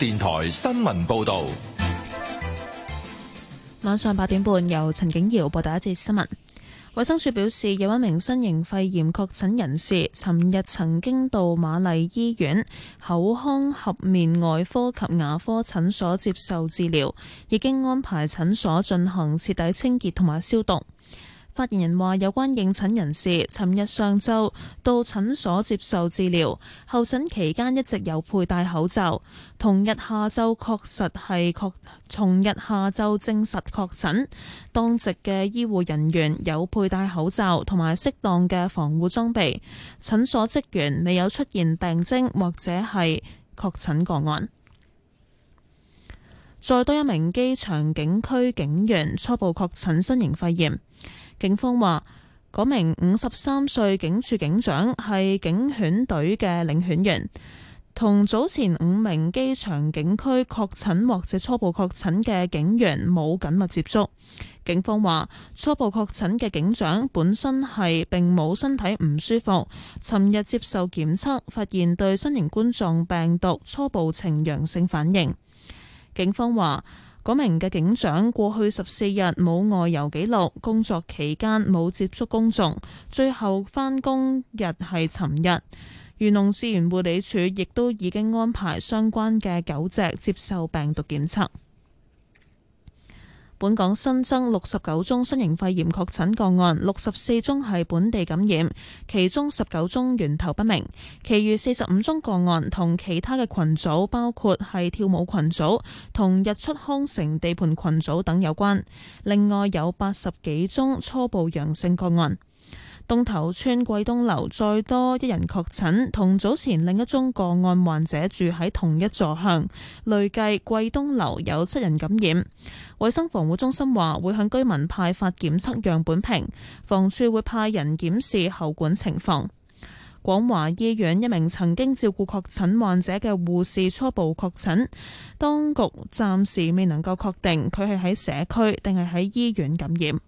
電台新聞報道：晚上八點半，由陳景瑤播打一節新聞。衛生署表示，有一名新型肺炎確診人士，尋日曾經到瑪麗醫院口腔頜面外科及牙科診所接受治療，已經安排診所進行徹底清潔同埋消毒。發言人話：有關應診人士，尋日上晝到診所接受治療，候診期間一直有佩戴口罩。同日下晝確實係確，同日下晝證實確診。當值嘅醫護人員有佩戴口罩同埋適當嘅防護裝備，診所職員未有出現病徵或者係確診個案。再多一名機場警區警員初步確診新型肺炎。警方話，嗰名五十三歲警署警長係警犬隊嘅領犬員，同早前五名機場警區確診或者初步確診嘅警員冇緊密接觸。警方話，初步確診嘅警長本身係並冇身體唔舒服，尋日接受檢測，發現對新型冠狀病毒初步呈陽性反應。警方話，嗰名嘅警長過去十四日冇外遊記錄，工作期間冇接觸公眾，最後返工日係尋日。漁農自然護理署亦都已經安排相關嘅九隻接受病毒檢測。本港新增六十九宗新型肺炎確診個案，六十四宗係本地感染，其中十九宗源頭不明，其餘四十五宗個案同其他嘅群組，包括係跳舞群組、同日出康城地盤群組等有關。另外有八十幾宗初步陽性個案。東頭村貴東樓再多一人確診，同早前另一宗個案患者住喺同一座向，累計貴東樓有七人感染。衛生防護中心話會向居民派發檢測樣本瓶，房署會派人檢視喉管情況。廣華醫院一名曾經照顧確診患者嘅護士初步確診，當局暫時未能夠確定佢係喺社區定係喺醫院感染。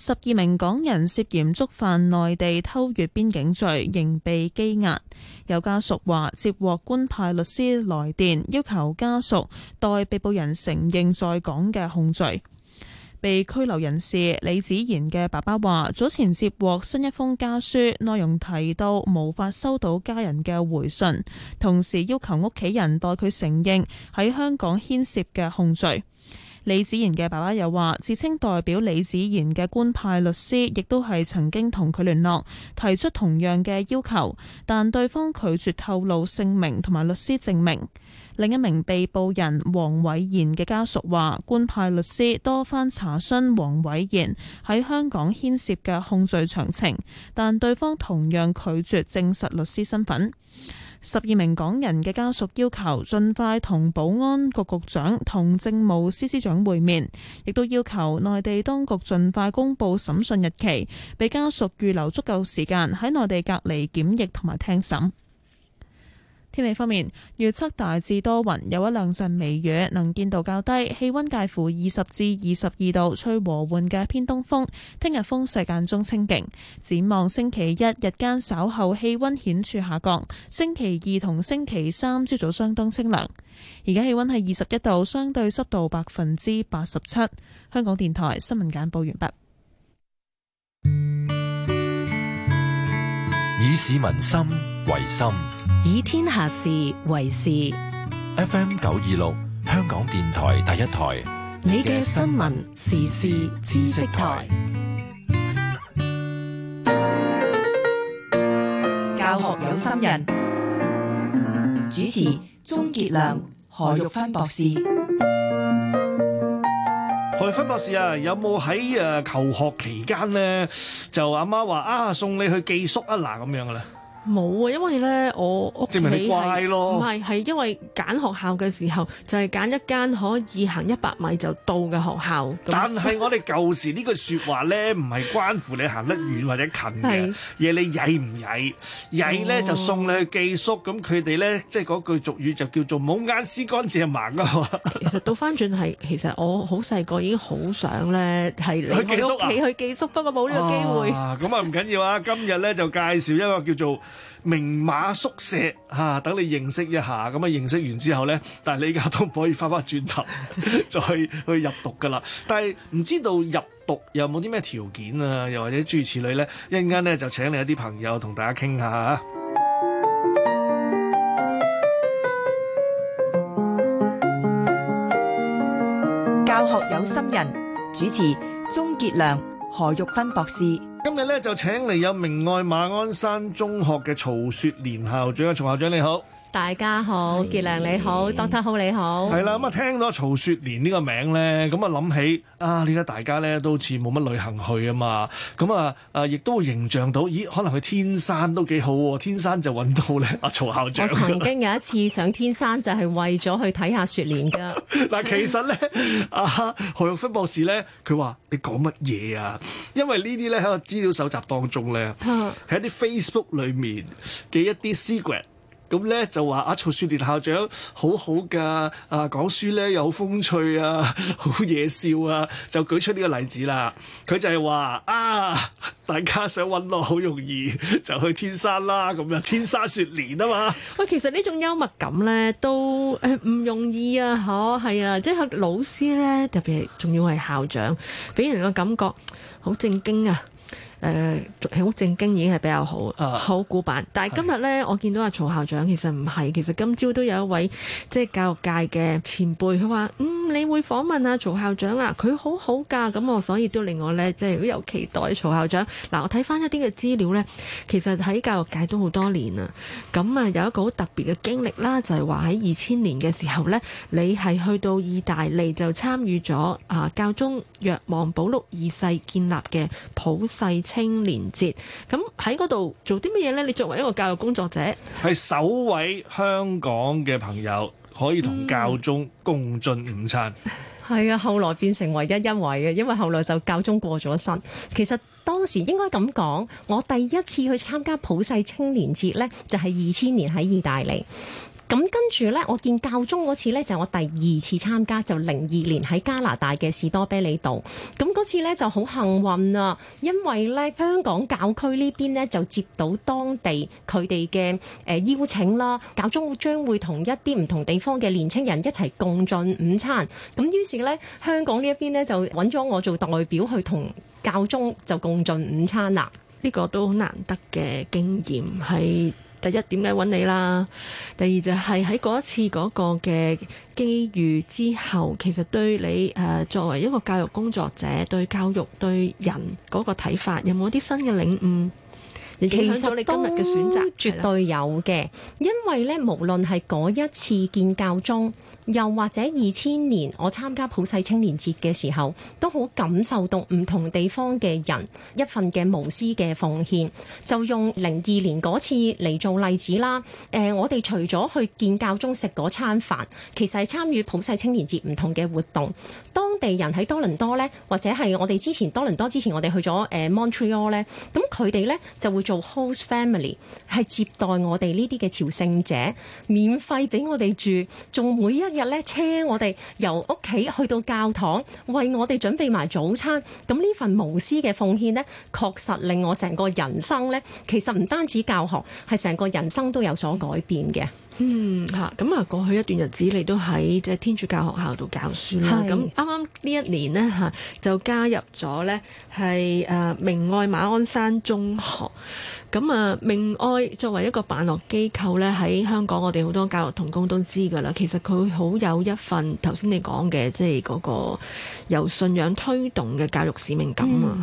十二名港人涉嫌觸犯內地偷越邊境罪，仍被羈押。有家屬話接獲官派律師來電，要求家屬代被捕人承認在港嘅控罪。被拘留人士李子賢嘅爸爸話，早前接獲新一封家書，內容提到無法收到家人嘅回信，同時要求屋企人代佢承認喺香港牽涉嘅控罪。李子賢嘅爸爸又話，自稱代表李子賢嘅官派律師，亦都係曾經同佢聯絡，提出同樣嘅要求，但對方拒絕透露姓名同埋律師證明。另一名被捕人黃偉賢嘅家屬話，官派律師多番查詢黃偉賢喺香港牽涉嘅控罪詳情，但對方同樣拒絕證實律師身份。十二名港人嘅家屬要求盡快同保安局局長同政務司司長會面，亦都要求內地當局盡快公布審訊日期，俾家屬預留足夠時間喺內地隔離檢疫同埋聽審。天氣方面，預測大致多雲，有一兩陣微雨，能見度較低，氣溫介乎二十至二十二度，吹和緩嘅偏東風。聽日風勢間中清勁，展望星期一日間稍後氣溫顯著下降。星期二同星期三朝早，早相當清涼。而家氣溫係二十一度，相對濕度百分之八十七。香港電台新聞簡報完畢。以市民心為心。以天下事為事。F. M. 九二六香港電台第一台，你嘅新聞時事知識台，教學有心人，主持鍾杰良、何玉芬博士。何玉芬博士啊，有冇喺誒求學期間咧，就阿媽話啊送你去寄宿啊嗱咁樣嘅啦？冇啊，因為咧我屋企證明你乖囉，係唔係？係因為揀學校嘅時候就係揀一間可以行一百米就到嘅學校。但係我哋舊時呢句説話咧，唔係關乎你行得遠或者近嘅嘢，而係你曳唔曳，曳咧就送你去寄宿。咁佢哋咧，即係嗰句俗語就叫做冇眼屎乾淨盲啊。其實倒翻轉係，其實我好細個已經好想咧係嚟我屋企去寄宿，不過冇呢個機會。啊咁啊唔緊要啊，今日咧就介紹一個叫做。明碼宿舍，嚇，等你認識一下，咁啊認識完之後呢，但係你而家都唔可以翻翻轉頭再去入讀㗎啦。 但係唔知道入讀有冇啲咩條件啊？又或者諸如此類咧，一陣間呢，就請你一啲朋友同大家傾下。教學有心人，主持鍾傑良、何玉芬博士。今日咧，就請嚟有明愛馬鞍山中學嘅曹雪蓮校長啊，曹校長你好。大家好，傑良你好，嗯、Doctor 好，你好，係啦。咁啊，聽到曹雪蓮呢個名咧，咁啊諗起啊，點解大家咧都似冇乜旅行去啊嘛。咁啊，誒，亦都會形象到，咦，可能去天山都幾好喎。天山就揾到咧，阿曹校長。我曾經有一次上天山就看看，就係為咗去睇下雪蓮噶。嗱，其實咧，啊，何玉芬博士咧，佢話你講乜嘢啊？因為呢啲咧喺個資料搜集當中咧，喺啲 Facebook 裏面嘅一啲 secret。咁咧就話啊，曹雪蓮校長好好㗎啊，講書咧，有風趣啊，好嘢笑啊，就舉出呢個例子啦。佢就係話啊，大家想搵我好容易，就去天山啦，咁樣天山雪蓮啊嘛。喂，其實呢種幽默感咧，都誒唔、欸、容易啊嗬，係啊，啊即係老師咧，特別係仲要係校長，俾人個感覺好正經啊。誒屋、uh, 正經已經係比較好，好、uh, 古板。但係今日呢，是我見到阿曹校長其實唔係，其實今朝都有一位即係、就是、教育界嘅前輩，佢話：嗯，你會訪問阿、啊、曹校長啊？佢好好㗎，咁我所以都令我呢，即係好有期待曹校長。嗱、啊，我睇返一啲嘅資料呢，其實喺教育界都好多年啦。咁啊有一個好特別嘅經歷啦，就係話喺二千年嘅時候呢，你係去到意大利就參與咗啊教宗若望保祿二世建立嘅普世青年節，咁喺嗰度做啲乜嘢呢？你作為一個教育工作者，係首位香港嘅朋友可以同教宗共進午餐。係啊、嗯， 後來變成唯一一位嘅，因為後來就教宗過咗身。其實當時應該咁講，我第一次去參加普世青年節呢，就係二千年喺意大利。咁跟住呢，我見教宗嗰次呢，就係我第二次參加，就零二年喺加拿大嘅士多啤利度。咁嗰次呢，就好幸運啊，因為呢，香港教區呢邊呢，就接到當地佢哋嘅誒邀請啦。教宗將會同一啲唔同地方嘅年青人一齊共進午餐。咁於是呢，香港呢一邊呢，就揾咗我做代表去同教宗就共進午餐啦。呢個都好難得嘅經驗係。第一點解揾你啦？第二就係喺嗰一次嗰個嘅機遇之後，其實對你誒、呃、作為一個教育工作者，對教育對人嗰個睇法，有冇啲新嘅領悟？影響到你今日嘅選擇？絕對有嘅，因為呢，無論係嗰一次見教宗。又或者二千年我參加普世青年節嘅時候，都好感受到唔同地方嘅人一份嘅無私嘅奉獻，就用零二年嗰次嚟做例子啦。誒、呃，我哋除咗去見教宗食嗰餐飯，其實係參與普世青年節唔同嘅活動，當地人喺多倫多咧，或者係我哋之前多倫多之前我，我哋去咗誒 Montreal 咧，咁佢哋咧就會做 host family，係接待我哋呢啲嘅朝聖者，免費俾我哋住，仲每一日咧車我哋由屋企去到教堂，為我哋準備埋早餐。咁呢份無私嘅奉獻呢，確實令我成個人生呢，其實唔單止教學，係成個人生都有所改變嘅。嗯，吓，咁啊，過去一段日子你都喺即係天主教學校度教書啦。咁啱啱呢一年呢，吓，就加入咗呢，係誒明愛馬鞍山中學。咁啊，明愛作為一個辦學機構咧，喺香港我哋好多教育同工都知㗎啦。其實佢好有一份頭先你講嘅，即係嗰個由信仰推動嘅教育使命感啊，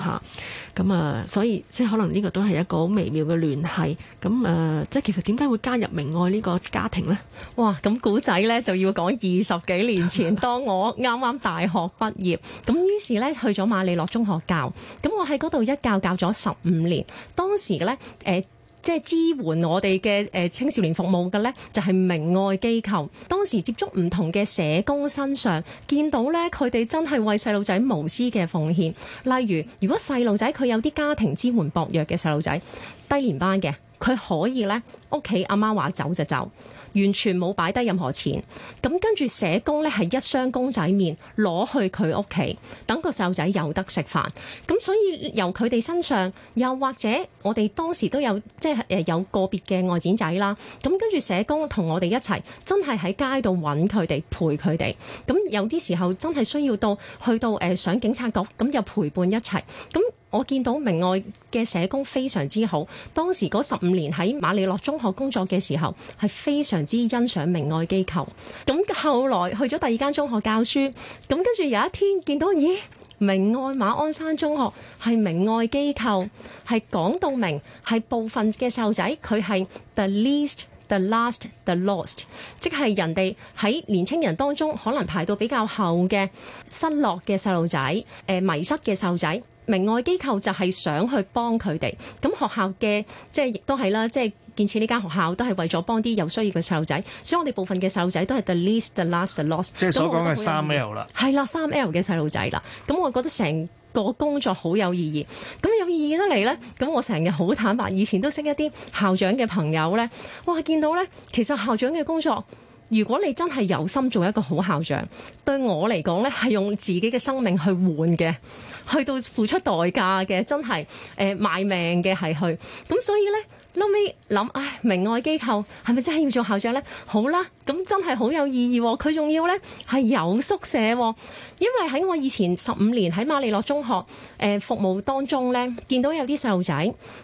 吓、嗯。咁啊，所以即係可能呢個都係一個好微妙嘅聯繫。咁誒、呃，即係其實點解會加入明愛呢個家庭咧？哇！咁古仔咧就要講二十幾年前， 當我啱啱大學畢業，咁於是咧去咗馬利諾中學教，咁我喺嗰度一教教咗十五年，當時咧。誒、呃，即係支援我哋嘅誒青少年服務嘅呢，就係明愛機構。當時接觸唔同嘅社工身上，見到呢，佢哋真係為細路仔無私嘅奉獻。例如，如果細路仔佢有啲家庭支援薄弱嘅細路仔，低年班嘅，佢可以呢，屋企阿媽話走就走。完全冇擺低任何錢，咁跟住社工呢，係一箱公仔麵攞去佢屋企，等個細路仔有得食飯。咁所以由佢哋身上，又或者我哋當時都有即係有個別嘅外展仔啦。咁跟住社工同我哋一齊，真係喺街度揾佢哋陪佢哋。咁有啲時候真係需要到去到誒、呃、上警察局，咁又陪伴一齊。咁我見到明愛嘅社工非常之好。當時嗰十五年喺瑪利諾中學工作嘅時候，係非常之欣賞明愛機構。咁後來去咗第二間中學教書，咁跟住有一天見到，咦，明愛馬鞍山中學係明愛機構，係講到明係部分嘅細路仔佢係 the least，the last，the lost，即係人哋喺年青人當中可能排到比較後嘅失落嘅細路仔，誒迷失嘅細路仔。明愛機構就係想去幫佢哋，咁學校嘅即係亦都係啦，即係建設呢間學校都係為咗幫啲有需要嘅細路仔，所以我哋部分嘅細路仔都係 the least，the last，the lost，即係所講嘅三 L 啦，係啦，三 L 嘅細路仔啦，咁我覺得成個工作好有意義，咁有，有意義得嚟咧，咁我成日好坦白，以前都識一啲校長嘅朋友咧，哇，見到咧，其實校長嘅工作。如果你真係有心做一個好校長，對我嚟講咧，係用自己嘅生命去換嘅，去到付出代價嘅，真係誒、呃、賣命嘅係去，咁所以咧。後尾諗，唉、哎，明愛機構係咪真係要做校長呢？好啦，咁真係好有意義喎、啊！佢仲要呢係有宿舍、啊，因為喺我以前十五年喺馬利諾中學誒、呃、服務當中呢，見到有啲細路仔，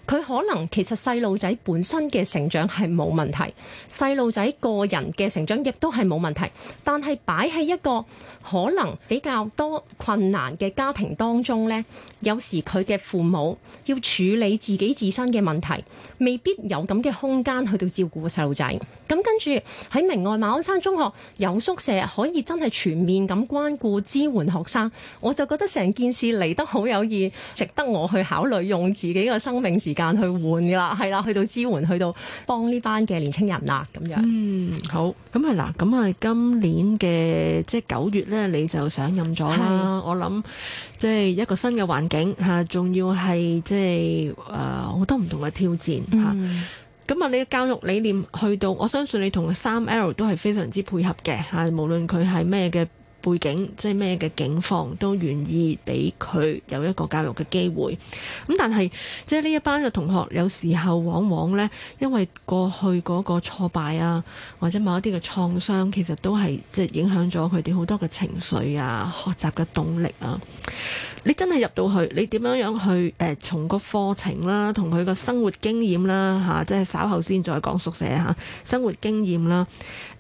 佢可能其實細路仔本身嘅成長係冇問題，細路仔個人嘅成長亦都係冇問題，但係擺喺一個，可能比較多困難嘅家庭當中咧，有時佢嘅父母要處理自己自身嘅問題，未必有咁嘅空間去到照顧細路仔。咁跟住喺明愛馬鞍山中學有宿舍，可以真係全面咁關顧支援學生，我就覺得成件事嚟得好有意，值得我去考慮用自己嘅生命時間去換㗎啦，係啦，去到支援，去到幫呢班嘅年青人啦咁樣。嗯，好，咁係啦，咁啊今年嘅即係九月。即係你就上任咗啦，的我諗即係一個新嘅環境吓，仲要係即係誒好多唔同嘅挑戰吓。咁啊，你嘅教育理念去到，我相信你同三 L 都係非常之配合嘅吓，無論佢係咩嘅。背景即係咩嘅，警方都願意俾佢有一個教育嘅機會，咁但係即係呢一班嘅同學有時候往往咧，因為過去嗰個挫敗啊，或者某一啲嘅創傷其實都係即係影響咗佢哋好多嘅情緒啊、學習嘅動力啊。你真係入到去，你點樣樣去誒、呃、從個課程啦、啊，同佢個生活經驗啦，吓，即係稍後先再講宿舍吓、啊、生活經驗啦、啊、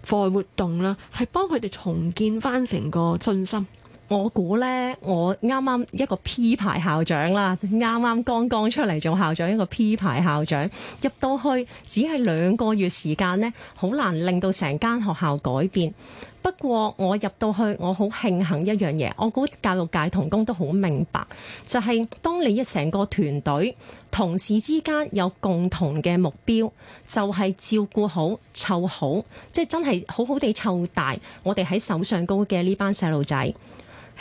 課外活動啦、啊，係幫佢哋重建翻成個信心。我估呢，我啱啱一個 P 牌校長啦，啱啱剛剛出嚟做校長，一個 P 牌校長入到去，只係兩個月時間呢，好難令到成間學校改變。不過我入到去，我好慶幸一樣嘢。我估教育界同工都好明白，就係當你一成個團隊同事之間有共同嘅目標，就係照顧好、湊好，即係真係好好地湊大我哋喺手上高嘅呢班細路仔。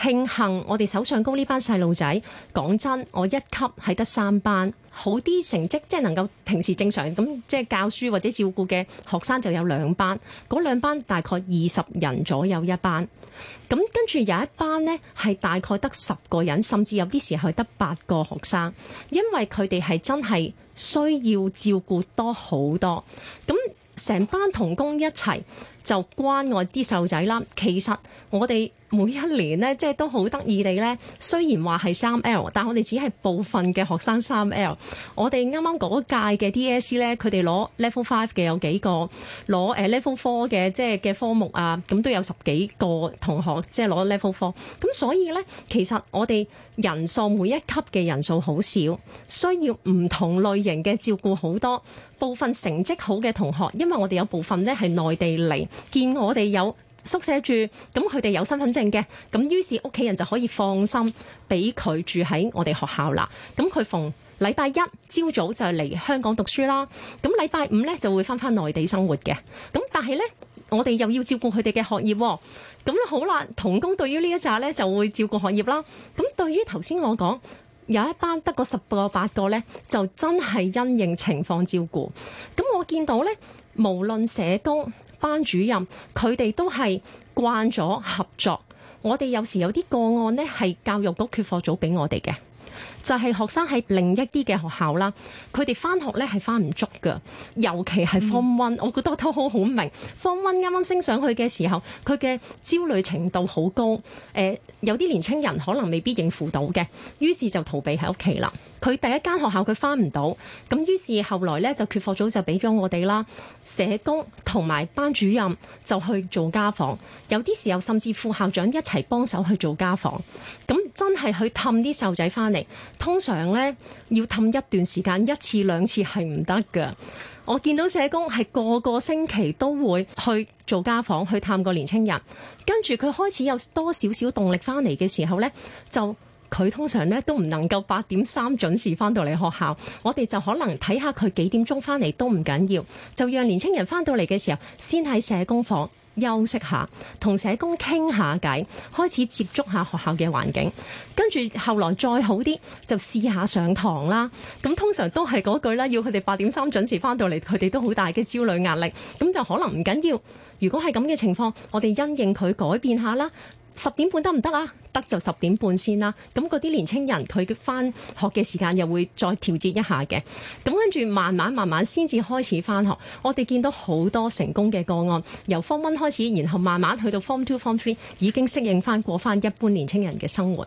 慶幸我哋手上工呢班細路仔，講真，我一級係得三班，好啲成績即係能夠平時正常咁即係教書或者照顧嘅學生就有兩班，嗰兩班大概二十人左右一班，咁跟住有一班呢係大概得十個人，甚至有啲時候係得八個學生，因為佢哋係真係需要照顧多好多，咁成班同工一齊就關愛啲細路仔啦。其實我哋。每一年呢，即係都好得意地呢。雖然話係三 L，但我哋只係部分嘅學生三 L。我哋啱啱嗰屆嘅 DSE 呢，佢哋攞 Level Five 嘅有幾個，攞誒 Level Four 嘅即係嘅科目啊，咁都有十幾個同學即係攞 Level Four。咁所以呢，其實我哋人數每一級嘅人數好少，需要唔同類型嘅照顧好多。部分成績好嘅同學，因為我哋有部分呢係內地嚟，見我哋有，宿舍住，咁佢哋有身份證嘅，咁於是屋企人就可以放心俾佢住喺我哋學校啦。咁佢逢禮拜一朝早就嚟香港讀書啦，咁禮拜五咧就會翻翻內地生活嘅。咁但係呢，我哋又要照顧佢哋嘅學業，咁咧好啦，同工對於呢一紮呢就會照顧學業啦。咁對於頭先我講有一班得個十個八個呢，就真係因應情況照顧。咁我見到呢，無論社工。班主任佢哋都係慣咗合作，我哋有時有啲個案呢，係教育局缺課組俾我哋嘅。就係學生喺另一啲嘅學校啦，佢哋翻學咧係翻唔足嘅，尤其係 Form One，我覺得都好好明。Form One 啱啱升上去嘅時候，佢嘅焦慮程度好高，誒、呃、有啲年青人可能未必應付到嘅，於是就逃避喺屋企啦。佢第一間學校佢翻唔到，咁於是後來咧就缺課組就俾咗我哋啦，社工同埋班主任就去做家訪，有啲時候甚至副校長一齊幫手去做家訪，咁真係去氹啲細路仔翻嚟。通常咧，要氹一段時間，一次兩次係唔得㗎。我見到社工係個個星期都會去做家訪，去探個年青人。跟住佢開始有多少少動力翻嚟嘅時候呢，就佢通常咧都唔能夠八點三準時翻到嚟學校。我哋就可能睇下佢幾點鐘翻嚟都唔緊要，就讓年青人翻到嚟嘅時候先喺社工房。休息下，同社工傾下偈，開始接觸下學校嘅環境。跟住後來再好啲，就試下上堂啦。咁通常都係嗰句啦，要佢哋八點三準時返到嚟，佢哋都好大嘅焦慮壓力。咁就可能唔緊要，如果係咁嘅情況，我哋因應佢改變下啦。十點半得唔得啊？得就十點半先啦。咁嗰啲年青人佢翻學嘅時間又會再調節一下嘅。咁跟住慢慢慢慢先至開始翻學。我哋見到好多成功嘅個案，由 Form One 開始，然後慢慢去到 Form Two、Form Three，已經適應翻過翻一般年青人嘅生活。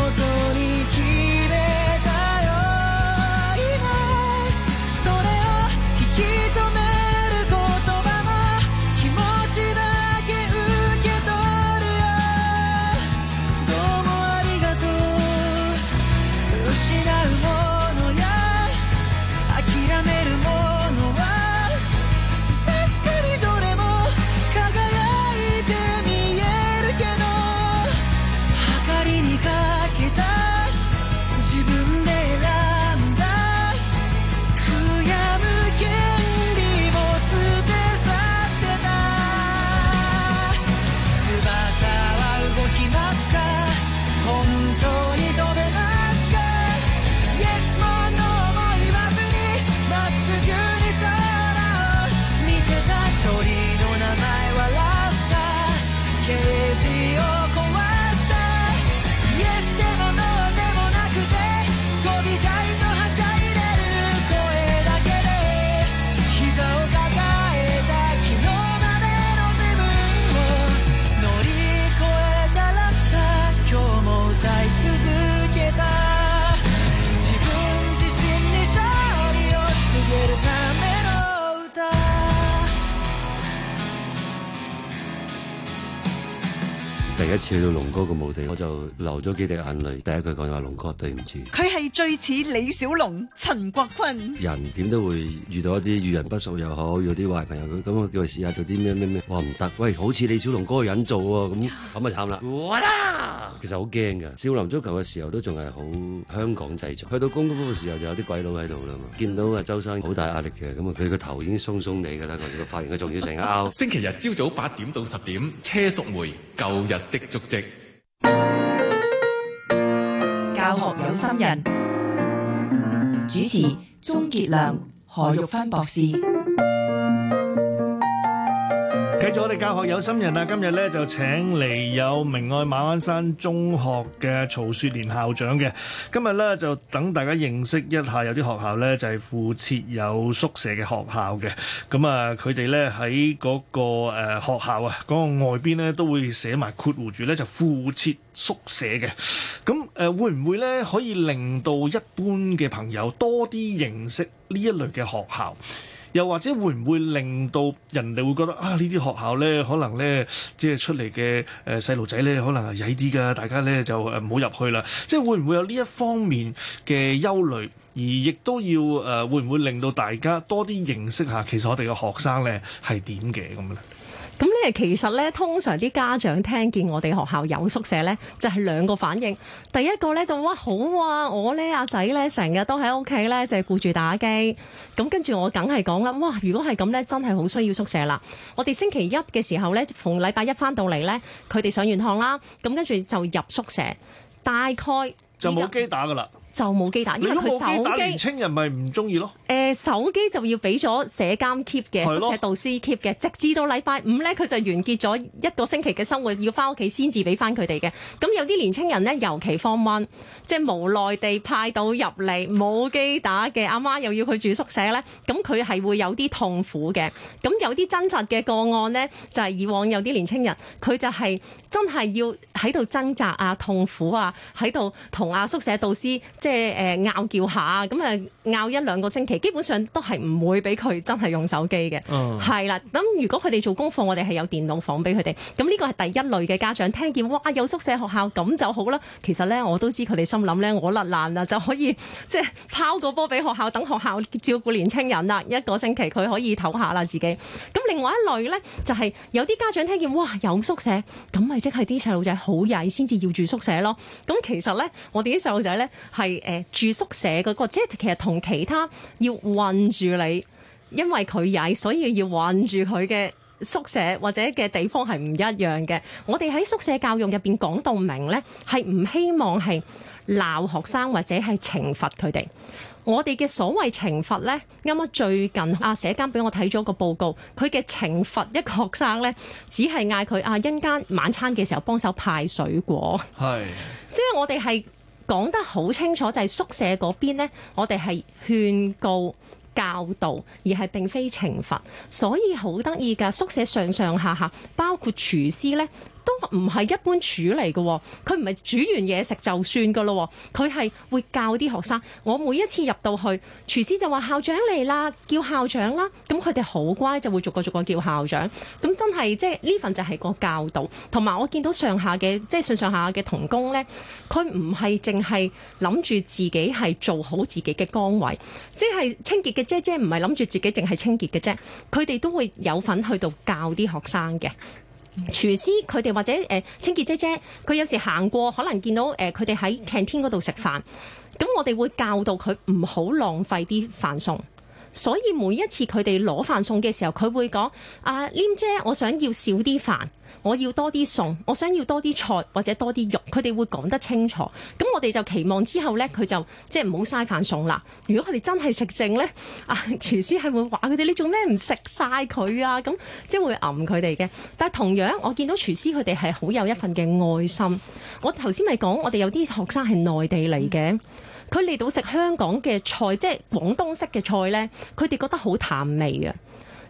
我就流咗幾滴眼淚。第一句講就話阿龍哥對唔住佢係最似李小龍、陳國坤人點都會遇到一啲遇人不淑又好，遇到啲壞朋友。佢咁我叫佢試下做啲咩咩咩，話唔得。喂，好似李小龍嗰個人做喎，啊，咁咁啊慘啦。are 其實好驚嘅。少林足球嘅時候都仲係好香港製作，去到功夫嘅時候就有啲鬼佬喺度啦嘛。見到啊，周生好大壓力嘅咁啊，佢個頭已經鬆鬆哋㗎啦。嗰條髮型佢仲要成勾。 星期日朝早八點到十點，車淑梅舊日的足跡。心人主持人：鍾杰亮、何玉芬博士。繼續我哋教學有心人啊！今日咧就請嚟有明愛馬鞍山中學嘅曹雪蓮校長嘅。今日咧就等大家認識一下，有啲學校咧就係附設有宿舍嘅學校嘅。咁啊、那個，佢哋咧喺嗰個誒學校啊，嗰個外邊咧都會寫埋括弧住咧就附設宿舍嘅。咁誒、呃、會唔會咧可以令到一般嘅朋友多啲認識呢一類嘅學校？又或者會唔會令到人哋會覺得啊呢啲學校呢，可能呢，即係出嚟嘅誒細路仔呢，可能係曳啲㗎，大家呢，就唔好入去啦。即係會唔會有呢一方面嘅憂慮，而亦都要誒、呃、會唔會令到大家多啲認識下，其實我哋嘅學生呢係點嘅咁樣咧？咁咧，其實咧，通常啲家長聽見我哋學校有宿舍咧，就係兩個反應。第一個咧就話好啊，我咧阿仔咧成日都喺屋企咧就係顧住打機。咁跟住我梗係講啦，哇！如果係咁咧，真係好需要宿舍啦。我哋星期一嘅時候咧，逢禮拜一翻到嚟咧，佢哋上完堂啦，咁跟住就入宿舍，大概就冇機打噶啦。就冇機打，因為佢手機，機年青人咪唔中意咯。誒、呃、手機就要俾咗社監 keep 嘅，咯宿舍導師 keep 嘅，直至到禮拜五咧，佢就完結咗一個星期嘅生活，要翻屋企先至俾翻佢哋嘅。咁有啲年青人咧，尤其 form one，即係無奈地派到入嚟冇機打嘅阿媽，又要佢住宿舍咧，咁佢係會有啲痛苦嘅。咁有啲真實嘅個案咧，就係、是、以往有啲年青人，佢就係真係要喺度掙扎啊、痛苦啊，喺度同阿宿舍導師。即係誒拗叫下，咁啊拗一兩個星期，基本上都係唔會俾佢真係用手機嘅。係啦、uh.，咁如果佢哋做功課，我哋係有電腦房俾佢哋。咁呢個係第一類嘅家長聽見，哇有宿舍學校咁就好啦。其實呢，我都知佢哋心諗呢，我甩爛啦就可以即係拋個波俾學校，等學校照顧年青人啦。一個星期佢可以唞下啦自己。咁另外一類呢，就係、是、有啲家長聽見，哇有宿舍，咁咪即係啲細路仔好曳先至要住宿舍咯。咁其實呢，我哋啲細路仔呢係。誒，住宿舍嗰個，即係其實同其他要困住你，因為佢曳，所以要困住佢嘅宿舍或者嘅地方係唔一樣嘅。我哋喺宿舍教育入邊講到明咧，係唔希望係鬧學生或者係懲罰佢哋。我哋嘅所謂懲罰咧，啱啱最近啊，舍監俾我睇咗個報告，佢嘅懲罰一個學生咧，只係嗌佢啊，一陣晚餐嘅時候幫手派水果，係是，即係我哋係。講得好清楚，就係、是、宿舍嗰邊呢，我哋係勸告、教導，而係並非懲罰，所以好得意噶。宿舍上上下下，包括廚師呢，都唔係一般處理嘅、哦，佢唔係煮完嘢食就算嘅咯、哦，佢係會教啲學生。我每一次入到去，廚師就話校長嚟啦，叫校長啦。咁佢哋好乖，就會逐個逐個叫校長。咁、嗯、真係即係呢份就係個教導。同埋我見到上下嘅即係上上下下嘅童工呢，佢唔係淨係諗住自己係做好自己嘅崗位，即係清潔嘅姐姐，唔係諗住自己淨係清潔嘅啫。佢哋都會有份去到教啲學生嘅。廚師佢哋或者誒、呃、清潔姐姐，佢有時行過可能見到誒佢哋喺 canteen 嗰度食飯，咁、呃、我哋會教導佢唔好浪費啲飯餸。所以每一次佢哋攞飯餸嘅時候，佢會講：阿廉姐，我想要少啲飯，我要多啲餸，我想要多啲菜或者多啲肉。佢哋會講得清楚。咁我哋就期望之後呢，佢就即係唔好嘥飯餸啦。如果佢哋真係食剩呢，啊，廚師係會話佢哋：你做咩唔食晒佢啊？咁即係會揞佢哋嘅。但係同樣，我見到廚師佢哋係好有一份嘅愛心。我頭先咪講，我哋有啲學生係內地嚟嘅。佢嚟到食香港嘅菜，即係廣東式嘅菜呢，佢哋覺得好淡味啊！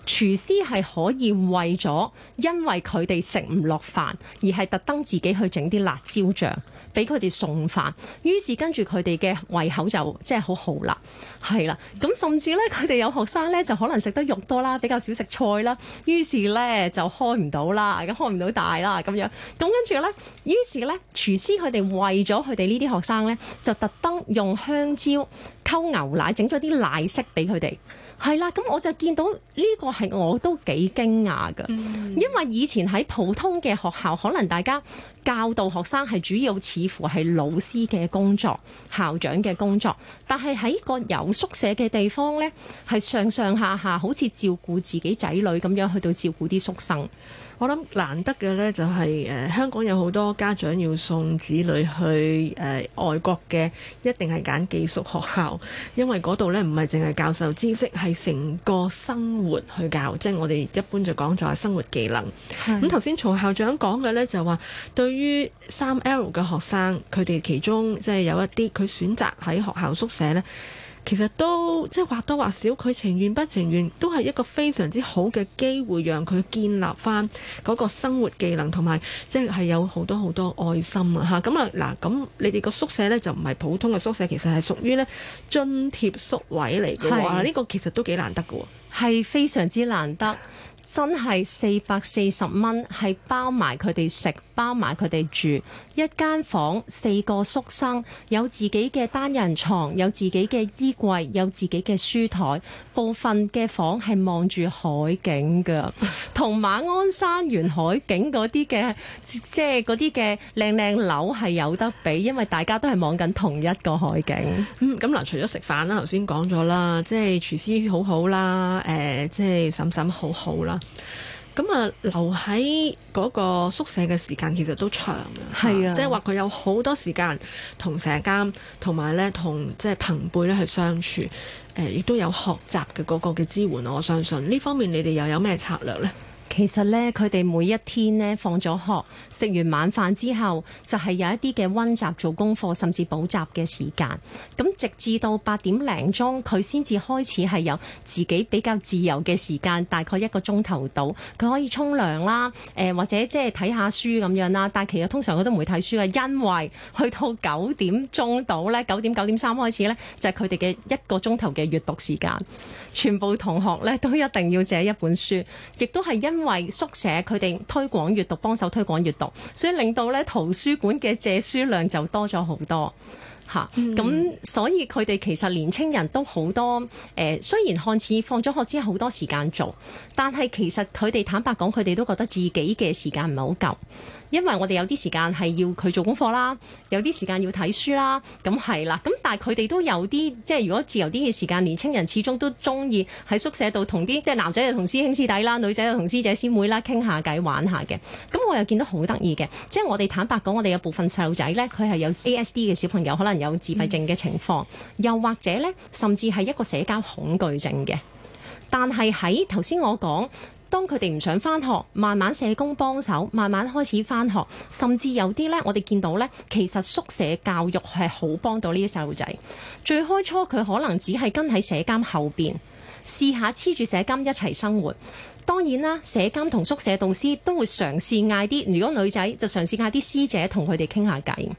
廚師係可以為咗，因為佢哋食唔落飯，而係特登自己去整啲辣椒醬。俾佢哋送飯，於是跟住佢哋嘅胃口就即係好好啦，係啦，咁甚至呢，佢哋有學生呢，就可能食得肉多啦，比較少食菜啦，於是呢，就開唔到啦，咁開唔到大啦咁樣，咁跟住呢，於是呢，廚師佢哋為咗佢哋呢啲學生呢，就特登用香蕉溝牛奶，整咗啲奶昔俾佢哋。係啦，咁我就見到呢個係我都幾驚訝㗎，因為以前喺普通嘅學校，可能大家教導學生係主要似乎係老師嘅工作、校長嘅工作，但係喺個有宿舍嘅地方呢，係上上下下好似照顧自己仔女咁樣去到照顧啲宿生。我諗難得嘅呢、就是，就係誒香港有好多家長要送子女去誒、呃、外國嘅，一定係揀寄宿學校，因為嗰度呢唔係淨係教授知識，係成個生活去教，即、就、係、是、我哋一般就講就係生活技能。咁頭先，嗯、曹校長講嘅呢，就話，對於三 L 嘅學生，佢哋其中即係有一啲佢選擇喺學校宿舍呢。其實都即係或多或少，佢情願不情願，都係一個非常之好嘅機會，讓佢建立翻嗰個生活技能，同埋即係有好多好多愛心啊！嚇咁啊嗱，咁你哋個宿舍呢，就唔係普通嘅宿舍，其實係屬於呢津貼宿位嚟嘅喎。呢係、呢個其實都幾難得嘅喎，係非常之難得，真係四百四十蚊係包埋佢哋食，包埋佢哋住一間房，四個宿生有自己嘅單人床，有自己嘅衣櫃，有自己嘅書台。部分嘅房係望住海景㗎，同馬鞍山沿海景嗰啲嘅，即係嗰啲嘅靚靚樓係有得比，因為大家都係望緊同一個海景。咁咁嗱，除咗食飯啦，頭先講咗啦，即係廚師好好啦，誒、呃，即係嬸嬸好好啦。咁啊，留喺嗰個宿舍嘅時間其實都長嘅，即係話佢有好多時間同舍監，同埋咧同即係朋輩咧去相處，誒，亦都有學習嘅嗰個嘅支援。我相信呢方面你哋又有咩策略呢？其實咧，佢哋每一天咧放咗學，食完晚飯之後，就係、是、有一啲嘅温習、做功課甚至補習嘅時間。咁直至到八點零鐘，佢先至開始係有自己比較自由嘅時間，大概一個鐘頭到，佢可以沖涼啦，誒、呃、或者即係睇下書咁樣啦。但係其實通常佢都唔會睇書嘅，因為去到九點鐘到咧，九點九點三開始咧，就係佢哋嘅一個鐘頭嘅閱讀時間。全部同學咧都一定要借一本書，亦都係因。因為宿舍佢哋推廣閱讀，幫手推廣閱讀，所以令到咧圖書館嘅借書量就多咗好多吓。咁、嗯、所以佢哋其實年青人都好多誒，雖然看似放咗學之後好多時間做，但係其實佢哋坦白講，佢哋都覺得自己嘅時間唔係好夠。因為我哋有啲時間係要佢做功課啦，有啲時間要睇書啦，咁係啦，咁但係佢哋都有啲即係如果自由啲嘅時間，年青人始終都中意喺宿舍度同啲即係男仔又同師兄師弟啦，女仔又同師姐師妹啦，傾下偈玩下嘅。咁我又見到好得意嘅，即係我哋坦白講，我哋有部分細路仔呢，佢係有 ASD 嘅小朋友，可能有自閉症嘅情況，嗯、又或者呢，甚至係一個社交恐懼症嘅。但係喺頭先我講。當佢哋唔想返學，慢慢社工幫手，慢慢開始返學，甚至有啲咧，我哋見到咧，其實宿舍教育係好幫到呢啲細路仔。最開初佢可能只係跟喺舍監後邊試下黐住舍監一齊生活。當然啦，舍監同宿舍導師都會嘗試嗌啲，如果女仔就嘗試嗌啲師姐同佢哋傾下偈。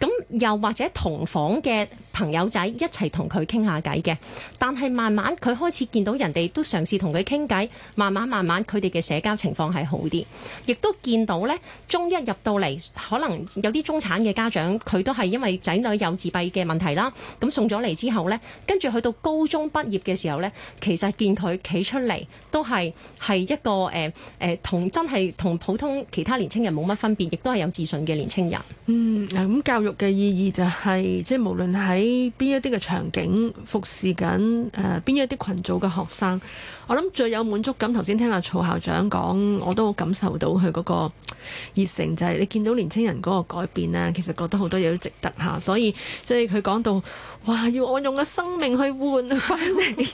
咁又或者同房嘅朋友仔一齊同佢傾下偈嘅，但係慢慢佢開始見到人哋都嘗試同佢傾偈，慢慢慢慢佢哋嘅社交情況係好啲，亦都見到咧，中一入到嚟，可能有啲中產嘅家長佢都係因為仔女有自閉嘅問題啦，咁送咗嚟之後咧，跟住去到高中畢業嘅時候咧，其實見佢企出嚟都係係一個誒誒同真係同普通其他年青人冇乜分別，亦都係有自信嘅年青人。嗯，咁教育。嘅意義就係、是、即係無論喺邊一啲嘅場景服侍緊誒邊一啲群組嘅學生，我諗最有滿足感。頭先聽阿曹校長講，我都好感受到佢嗰個熱誠，就係、是、你見到年青人嗰個改變呢，其實覺得好多嘢都值得嚇。所以即係佢講到，哇！要我用個生命去換翻嚟。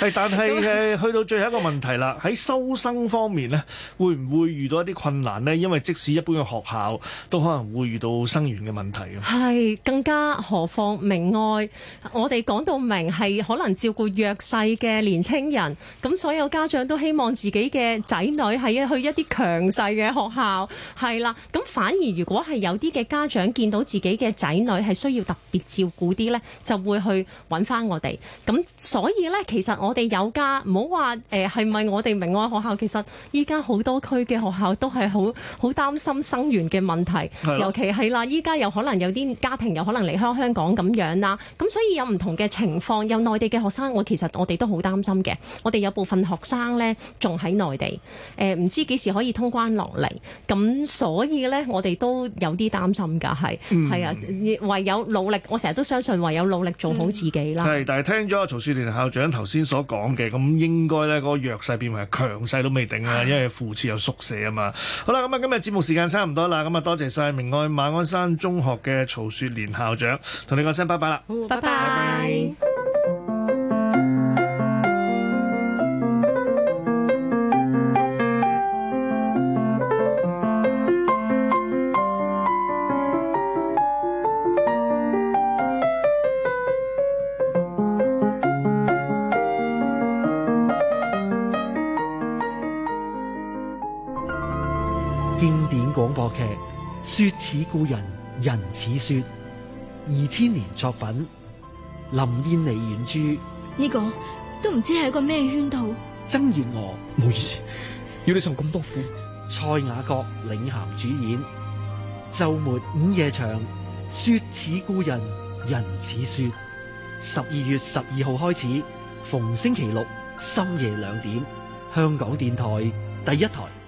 係，但係去到最後一個問題啦，喺收生方面呢，會唔會遇到一啲困難呢？因為即使一般嘅學校都可能會遇到生嘅問題咯，係更加何況明愛。我哋講到明係可能照顧弱勢嘅年青人，咁所有家長都希望自己嘅仔女係去一啲強勢嘅學校，係啦。咁反而如果係有啲嘅家長見到自己嘅仔女係需要特別照顧啲咧，就會去揾翻我哋。咁所以咧，其實我哋有家唔好話誒，係咪、呃、我哋明愛學校？其實依家好多區嘅學校都係好好擔心生源嘅問題，是的 尤其係啦家有可能有啲家庭有可能離開香港咁樣啦，咁所以有唔同嘅情況，有內地嘅學生，我其實我哋都好擔心嘅。我哋有部分學生咧，仲喺內地，誒、呃、唔知幾時可以通關落嚟，咁所以咧，我哋都有啲擔心噶，係，係啊、嗯，唯有努力。我成日都相信，唯有努力做好自己啦。係、嗯，但係聽咗曹雪蓮校長頭先所講嘅，咁應該咧、嗰個弱勢變為強勢都未定啊，因為附設有宿舍啊嘛。好啦，咁啊今日節目時間差唔多啦，咁啊多謝晒明愛馬鞍山。中學嘅曹雪蓮校長，同你講聲拜拜啦，拜 拜楽。經典廣播劇《雪似故人》。人似雪，二千年作品，林燕妮原著。呢個都唔知係一個咩圈套。曾月娥，唔好意思，要你受咁多苦。蔡雅閣領銜主演，周末午夜場，《雪似故人，人似雪》。十二月十二號開始，逢星期六深夜兩點，香港電台第一台。